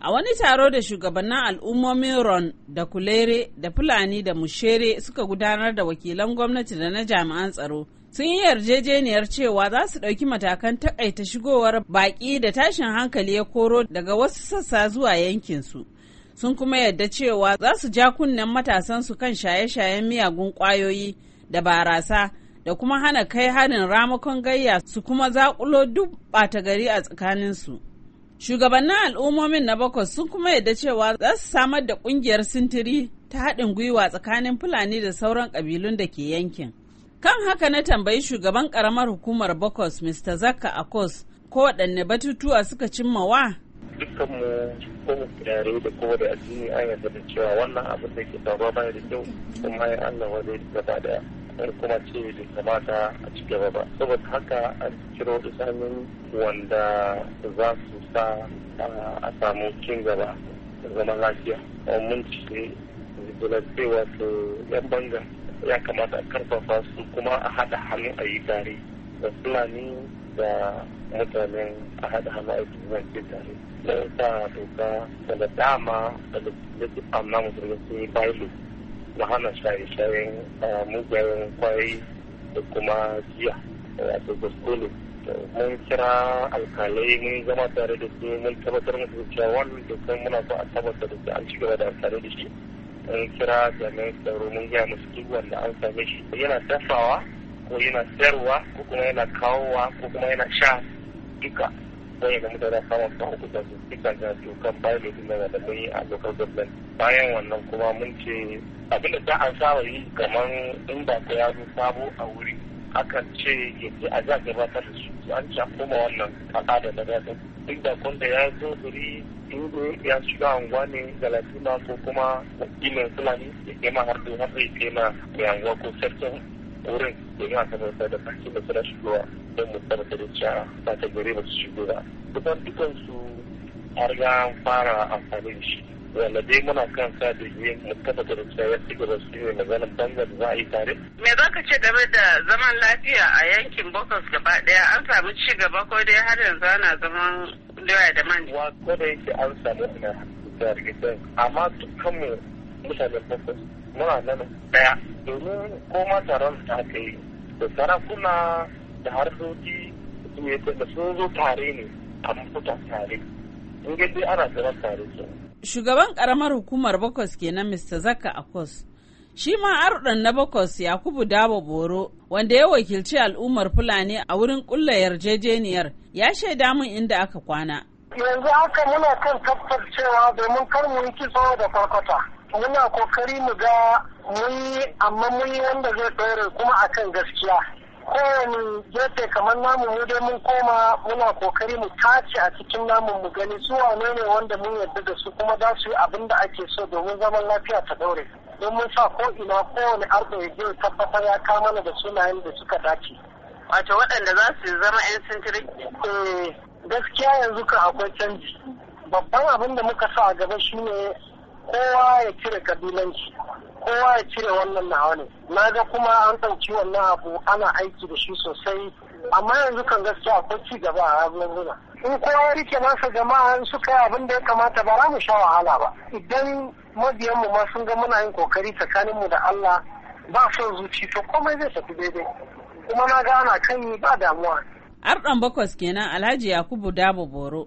A wani taro da shugabannin al'ummomin Ron da Kulere da Fulani da Mushere suka gudanar da wakilan gwamnati da na jami'an tsaro sun yi yarjejeniyar cewa za su ɗauki matakan takaita shigowar baƙi da tashin hankali ya koro daga wasu sassa zuwa yankinsu. Sun kuma yarda cewa za su ja kunnen matasan su kan shaye-shayen miyagun ƙwayoyi da barasa da kuma hana kai harin ramakon gayya su kuma zaƙulo duk ɓata gari a tsakaninsu. Shugabannin al'ummomin na bakwai sun kuma yadda cewa za su samar da kungiyar sintiri ta haɗin gwiwa tsakanin Fulani da sauran ƙabilun da ke yankin. Kan haka na tambayi shugaban ƙaramar hukumar bakwas Mr. Zakka Akos ko waɗanne batutuwa suka cimma wa? Dukkan mu ko yare da kowa da addini an yarda da cewa wannan abin da ke faruwa baya da kyau kuma ya Allah wa zai gaba daya. yar kuma ce bai kamata a ci gaba ba saboda haka an kiro isanin wanda za su sa a samu cin gaba da zama lafiya mun ce vigilante wato yan banga ya kamata a karfafa su kuma a haɗa hannu a yi tare da fulani da mutanen a haɗa hannu a yi tare da ta doka da dama da duk amna musulunci bayan na hana shaye-shayen mugayen kwayi da kuma giya wato gaskolo mun kira alkalai mun zama tare da su mun tabbatar musu cewa wannan dokan muna so a tabbatar da su an cigaba da amfani da shi mun kira jami'an tsaro mun gaya musu duk wanda an same shi yana dafawa ko yana sayarwa ko kuma yana kawowa ko kuma yana sha duka don ga mutanen samun kan hukunta su dukkan da su kan violation da da a local government bayan wannan kuma mun ce abinda da an saba yi kamar in ba ka yaro sabo a wuri akan ce yanzu a za gabatar da su an ce koma wannan al'ada da gasa duk da kun da ya zo wuri dubu ya shiga anguwa ne galatuna ko kuma ilin fulani ya kema har da har da ya kema mai anguwa ko sarkin wurin domin a tabbatar da sarki da suna shigowa don mu tsara da cewa ba ta gari ba su shigo ba kusan dukansu har ga fara amfani da shi wanda dai muna kan sa da yi mu tabbatar da cewa ci gaba su yi maganin banza za a yi tare. me za ka ce game da zaman lafiya a yankin bokos gaba daya an samu ci gaba ko dai har yanzu ana zaman doya da man. wa ko da yake an samu ina da rigidan amma dukkanmu mutanen bokos muna nan daya domin koma taron ta aka yi da sarakuna da harsoki da sun zo tare ne a mafuta tare in dai ana taron tare su shugaban karamar hukumar bakwas kenan mr zaka akos shi ma arɗan na bakwas yakubu dabo boro wanda ya wakilci al'ummar fulani a wurin ƙulla yarjejeniyar ya shaida mun inda aka kwana yanzu haka muna kan tabbatar cewa domin kar mu yi kitso da farkata muna kokari mu ga mun yi amma mun yi wanda zai tsere kuma akan gaskiya kowane gefe kamar namu mu dai mun koma muna kokari mu tace a cikin namun mu gani su wane ne wanda mun yarda da su kuma za su yi abin da ake so domin zaman lafiya ta daure don mun sa ko ina kowane arzo ya je tabbatar ya kama da sunayen da suka dace wato waɗanda za su zama 'yan sintiri? Eh, gaskiya yanzu ka akwai canji babban abin da muka sa a gaba shine kowa ya cire kabilanci kowa ya cire wannan nawa ne na ga kuma an ɗauki wannan abu ana aiki da shi sosai amma yanzu kan gaskiya akwai ci gaba a abubuwan in kowa ya rike masa jama'a in suka yi abin da ya kamata ba za mu sha wahala ba idan mabiyanmu ma sun ga muna yin kokari tsakaninmu da Allah ba son zuci to komai zai tafi daidai kuma na ga ana kan yi ba damuwa. Arɗan bakwas kenan Alhaji Yakubu Dabo Boro